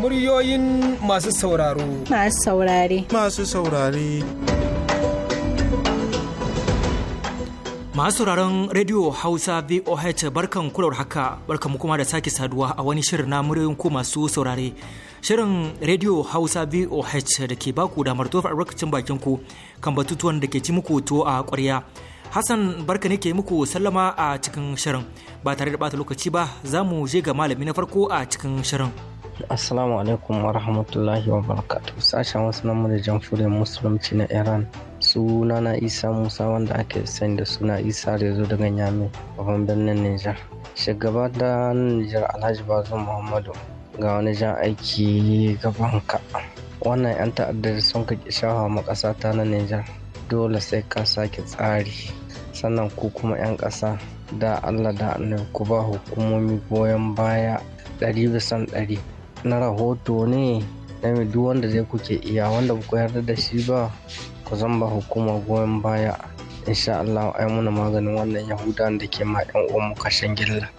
Muryoyin masu sauraro. Masu saurare. Masu saurare. Masu sauraron Radio Hausa VOH barkan kular haka barkan kuma da sake saduwa a wani shirin na muryoyin ku masu saurare. Shirin Radio Hausa VOH da ke baku damar tofa albarkacin bakin ku kan batutuwan da ke ci muku to a ƙwarya. Hassan barka ne ke muku sallama a cikin shirin ba tare da bata lokaci ba za mu je ga malami na farko a cikin shirin. Assalamu alaikum wa rahmatullahi wa barakatuh sashen wasu namu da fure, musulunci na Iran suna na Isa Musa wanda ake sani da suna Isa da zo daga Nyame babban birnin Nijar. Shugaba da Nijar Alhaji bazu Muhammadu ga wani jan aiki gaban ka. Wannan 'yan ta'addar sun kaki ƙasa ta na Nijar dole sai ka sake tsari sannan ku kuma 'yan ƙasa da allah da annabi ku ba hukumomi goyon baya ɗari ɗari na rahoto ne na duk wanda zai kuke iya wanda ba ku yarda da shi ba ku zamba hukuma goyon baya insha allah ai muna maganin wannan yahudan da ke ma 'yan uwan mu gilla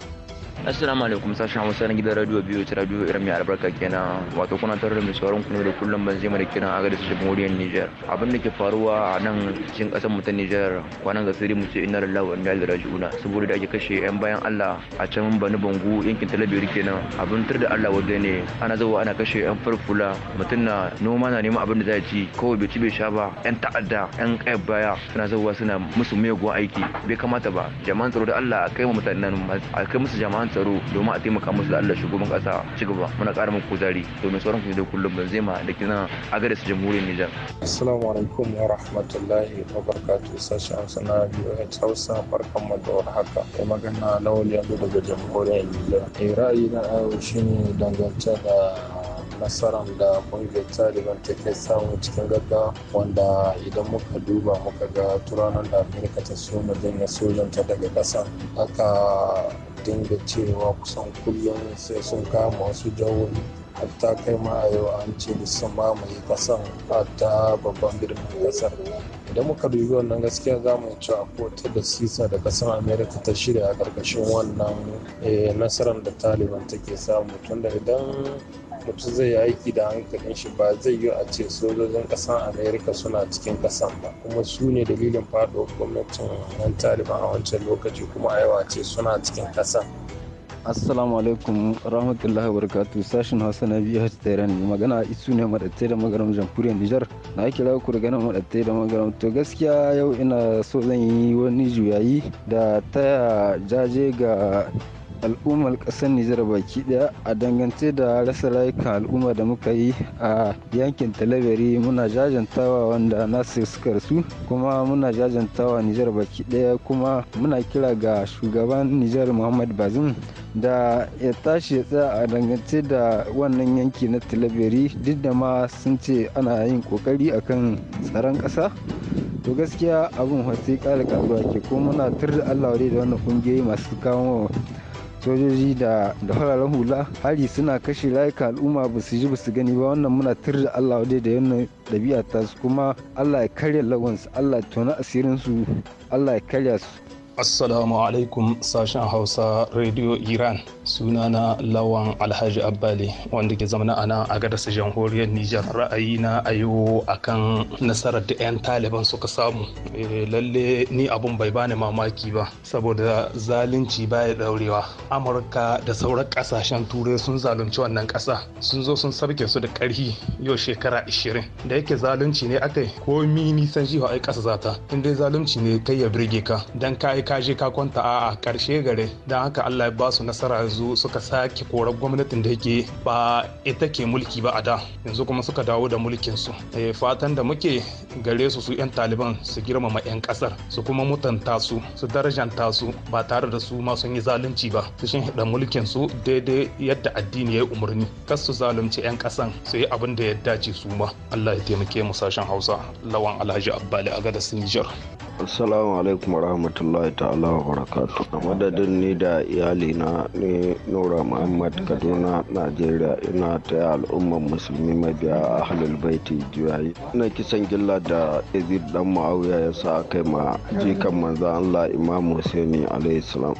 Assalamu alaikum sashen Hausa na gidan radio biyu ta radio irin mai albarka kenan wato kuna tare da mai sauran kuma da kullum ban zai da kiran a gadis jamhuriyar Niger abin da ke faruwa a nan cikin kasar mu ta Niger kwanan ga sirri mu ce da lawan da inna ilaihi raji'un saboda da ake kashe yan bayan Allah a can Bani Bangu yankin Talabiyar kenan abin tur da Allah wadda ne ana zuwa ana kashe yan farfula mutum na noma na neman abin da a ci kawai bai ci bai sha ba yan ta'adda yan ƙayar baya suna zuwa suna musu miyagun aiki bai kamata ba jama'an tsaro da Allah a kai mu mutanen a kai musu jama'an jami'an tsaro domin a taimaka musu da Allah shugaban kasa ci gaba muna ƙara muku kuzari domin sauran ku da kullum ma da a agare su jamhuriyar Nijar Assalamu alaikum wa rahmatullahi wa barakatu sashi Hausa na a Hausa barkan mu da warhaka kai magana wani yanzu daga jamhuriyar Nijar eh ra'ayi na yau shine dangance da nasarar da kungiyar taliban ta kai samu cikin gaggawa wanda idan muka duba muka ga turanar da amurka ta so mu janye sojanta daga ƙasa aka. dinga cewa kusan kullum sai sun kama wasu jahohi hatta kai ma a yau an ce sun mamaye kasan hatta babban birnin kasar idan muka dubi wannan gaskiya za mu ci a kota da sisa da kasar america ta shirya a ƙarƙashin wannan eh, nasarar da taliban take samu tunda idan mutum zai yi aiki da hankalin shi ba zai yi a ce sojojin kasan amerika suna cikin kasan ba kuma su ne dalilin faɗo gwamnatin yan taliban a wancan lokaci kuma a ce suna cikin kasan assalamu alaikum rahmatullahi barakatu sashen hausa na biyu tehran ne magana isu ne madatte da magaram jamhuriyar nijar na kira ku daga nan da magaram to gaskiya yau ina so zan yi wani juyayi da taya jaje ga al'ummar kasar Nijar baki daya a dangance da rasa rayukan al'umma da muka yi a yankin Talabari muna jajantawa wanda Nasir suka rasu kuma muna jajantawa Nijar baki daya kuma muna kira ga shugaban Nijar Muhammad Bazum da ya tashi ya tsaya a dangance da wannan yanki na Talabari duk da ma sun ce ana yin kokari akan tsaron kasa to gaskiya abin sai ƙara ƙaruwa ke ko muna tur da Allah da wannan kungiyoyi masu kawo sojoji da da fararen hula hari suna kashe rayuka al'umma ba su ji ba su gani ba wannan muna da Allah wadai da yannan ɗabi'a ta su kuma Allah ya karya lawansu Allah ya tona asirin su Allah ya karya su Assalamu alaikum sashen Hausa Radio Iran. sunana lawan alhaji abbali wanda ke ana a nan a gadasa jamhuriyar nijar ra'ayi na a kan akan nasarar da 'yan taliban suka samu eh, lalle ni abun bai bani mamaki ba saboda zalunci baya daurewa amurka da sauran kasashen turai sun zalunci wannan kasa sun zo sun sarke su da karhi yau shekara 20 da yake zalunci ne akai komi nisan jiwa ai kasa zata in dai zalunci ne kai ya birge ka dan kai ka je ka kwanta a karshe gare dan haka Allah ya ba su nasara yanzu suka sake korar gwamnatin da yake ba ita ke mulki ba a da yanzu kuma suka dawo da mulkin su eh, fatan da muke gare su su yan taliban su girmama yan kasar su kuma mutanta su su darajanta su ba tare da su ma sun yi zalunci ba su shin hidda mulkin su daidai yadda addini ya yi umarni kas su zalunci yan kasan su yi abin da ya dace su ma Allah ya taimake mu sashen Hausa lawan Alhaji Abbali a gadar Niger Assalamu alaikum rahmatullahi ta'ala wa barakatuh madadin ni da iyalina ne ne nura muhammad kaduna najeriya ina taya al'ummar musulmi mabiya a ahlul baiti juyayi ina kisan gilla da izid dan ma'auya ya sa kai ma jikan manzan allah imam husaini alayhi salam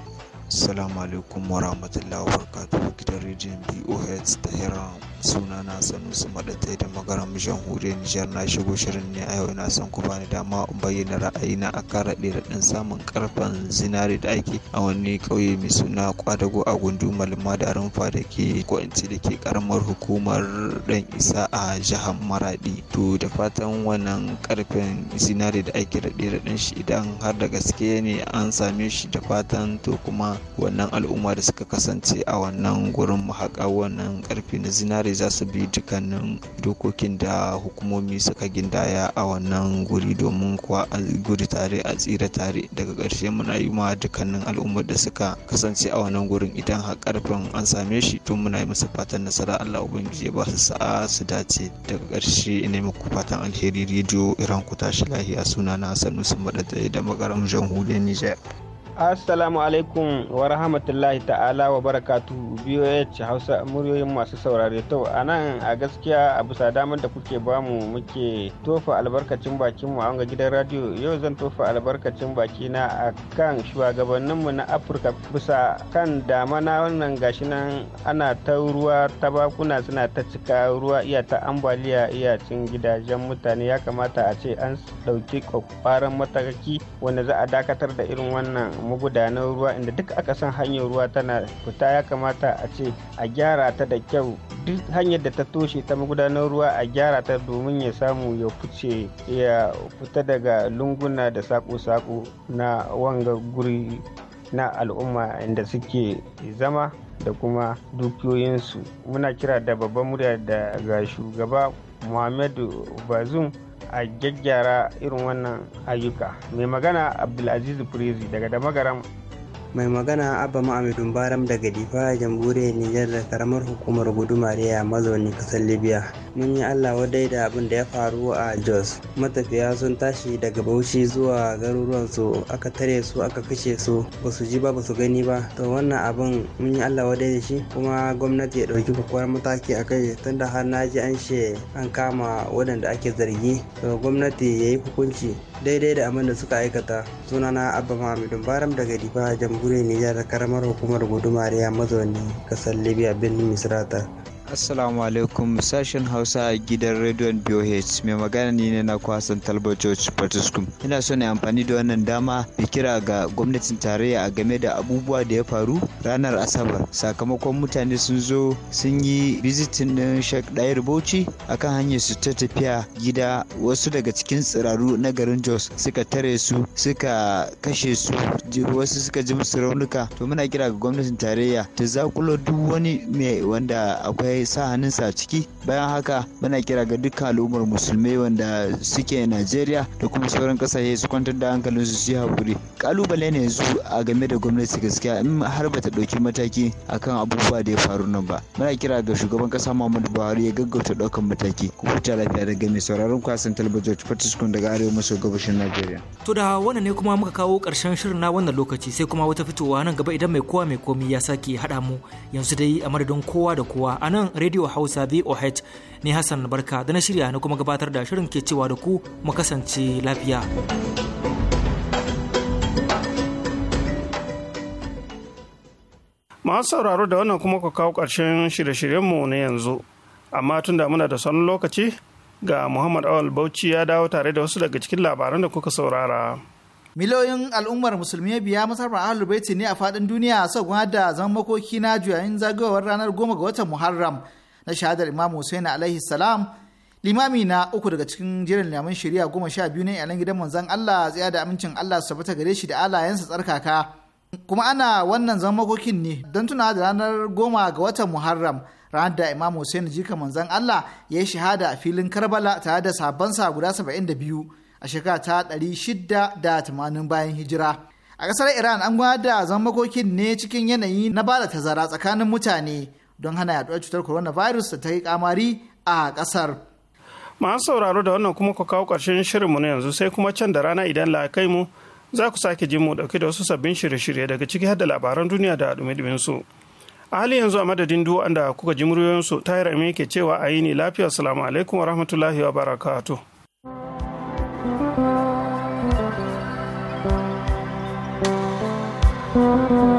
Assalamu alaikum wa rahmatullahi wa barakatuhu gidan rediyon BOH Hiram sunana sanusi madatai da magaram jamhuriyar nijar na shigo shirin ne a yau ina son ku bani dama in bayyana ra'ayi na akan raɗe samun karfen zinare da ake a wani ƙauye mai suna kwadago a gundumar madarin da ke kwanci da ke karamar hukumar ɗan isa a jihar maraɗi to da fatan wannan karfen zinare da ake raɗe shi idan har da gaske ne an same shi da fatan to kuma wannan al'umma da suka kasance a wannan gurin mu haƙa wannan karfe na zinare kare za su bi dukkanin dokokin da hukumomi suka gindaya a wannan guri domin kuwa a guri tare a tsira tare daga ƙarshe muna yi ma dukkanin al'ummar da suka kasance a wannan gurin idan har ƙarfin an same shi tun muna yi masa fatan nasara Allah ubangiji ya ba su sa'a su dace daga ƙarshe ina muku fatan alheri rediyo iran ku tashi lahiya suna na Hassan Usman da jan magaram jamhuriyar Nijar. Assalamu alaikum wa rahmatullahi ta'ala wa barakatu BOH Hausa muryoyin masu saurare to a nan a gaskiya a bisa damar da kuke bamu muke tofa albarkacin bakin mu a wanga gidan radio yau zan tofa albarkacin baki na akan shugabannin mu na Afirka bisa kan dama na wannan gashi nan ana ta ruwa ta bakuna suna ta cika ruwa iya ta ambaliya iya cin gidajen mutane ya kamata a ce an dauki kokarin mataki wanda za a dakatar da irin wannan magudanar ruwa inda duk aka san hanyar ruwa tana fita ya kamata a ce a gyara ta da kyau duk hanyar da ta toshe ta magudanar ruwa a gyara ta domin ya samu ya fice ya fita daga lunguna da sako-sako na wanga guri na al'umma inda suke zama da kuma dukiyoyinsu muna kira da babban murya daga shugaba muhammadu bazum a gyaggyara irin wannan ayyuka mai magana abdulaziz prezi daga damagaram mai magana abba ma'amidun baram daga difa jamhuriyar nijar da karamar hukumar gudumariya mazauni kasar libya mun yi allah wadai da abin da ya faru a jos matafiya sun tashi daga bauchi zuwa garuruwan su aka tare su aka kashe su ba su ji ba ba su gani ba to wannan abin mun yi allah wadai da shi kuma gwamnati ya ɗauki kwakwar mataki a kai tunda har na ji an she an kama waɗanda ake zargi to gwamnati ya yi hukunci daidai da abin da suka aikata sunana abba mahamudin baram daga difa jamhuriyar nijar karamar hukumar gudumariya mazauni kasar libya birnin misrata Assalamu alaikum sashen Hausa a gidan rediyon BOH mai magana ni ne na kwasan Talbot George Ina so amfani da wannan dama mai kira ga gwamnatin tarayya a game da abubuwa da ya faru ranar Asabar. Sakamakon mutane sun zo sun yi bizitin ɗin Shek Ɗayar Bauchi akan hanyar su ta tafiya gida wasu daga cikin tsiraru na garin Jos suka tare su suka kashe su wasu suka ji musu raunuka. To muna kira ga gwamnatin tarayya ta zakulo duk wani mai wanda akwai ya sa hannunsa a ciki bayan haka muna kira ga dukkan al'ummar musulmai wanda suke najeriya da kuma sauran kasashe su kwantar da hankalin su yi haƙuri kalubale ne yanzu a game da gwamnati gaskiya in har bata ɗauki mataki akan abubuwa da ya faru nan ba muna kira ga shugaban kasa muhammadu buhari ya gaggauta ɗaukan mataki ku huta lafiya daga mai sauraron kwasan talabijin fatiskun daga arewa maso gabashin najeriya. to da wannan ne kuma muka kawo ƙarshen shirin na wannan lokaci sai kuma wata fitowa nan gaba idan mai kowa mai komi ya sake haɗa mu yanzu dai a madadin kowa da kowa a nan Radio Hausa VOH ni Hassan Barka da na shirya na kuma gabatar da shirin ke cewa da ku mu kasance lafiya. Masu sauraro da wannan kuma ku kawo ƙarshen shirye-shiryenmu na yanzu, amma tun da muna da sanin lokaci ga Muhammad Awal Bauchi ya dawo tare da wasu daga cikin labaran da kuka saurara. miliyoyin al'ummar musulmi biya masarfa ahlul baiti ne a fadin duniya sau gudanar da zaman makoki na juyayin zagayowar ranar goma ga watan muharram na shahadar imam hussein alaihi salam limami na uku daga cikin jerin lamun shari'a goma sha biyu ne yalan gidan manzan allah tsaya da amincin allah su tabbata gare shi da alayensa tsarkaka kuma ana wannan zaman makokin ne don tunawa da ranar goma ga watan muharram ranar da imam hussein jika manzon allah ya yi shahada a filin karbala tare da sabansa guda saba'in da biyu a shekara ta 680 bayan hijira. A ƙasar Iran an gwada da makokin ne cikin yanayi na bada tazara tsakanin mutane don hana yaduwar cutar coronavirus da ta yi kamari a ƙasar. Masu sauraro da wannan kuma ku kawo ƙarshen shirinmu na yanzu sai kuma can da rana idan la kai mu za ku sake ji mu dauke da wasu sabbin shirye-shirye daga ciki har da labaran duniya da dumi su. A hali yanzu a madadin duk wanda kuka ji muryoyinsu ta yi ke cewa a yi ne lafiya salamu alaikum wa rahmatullahi wa barakatu. Thank you.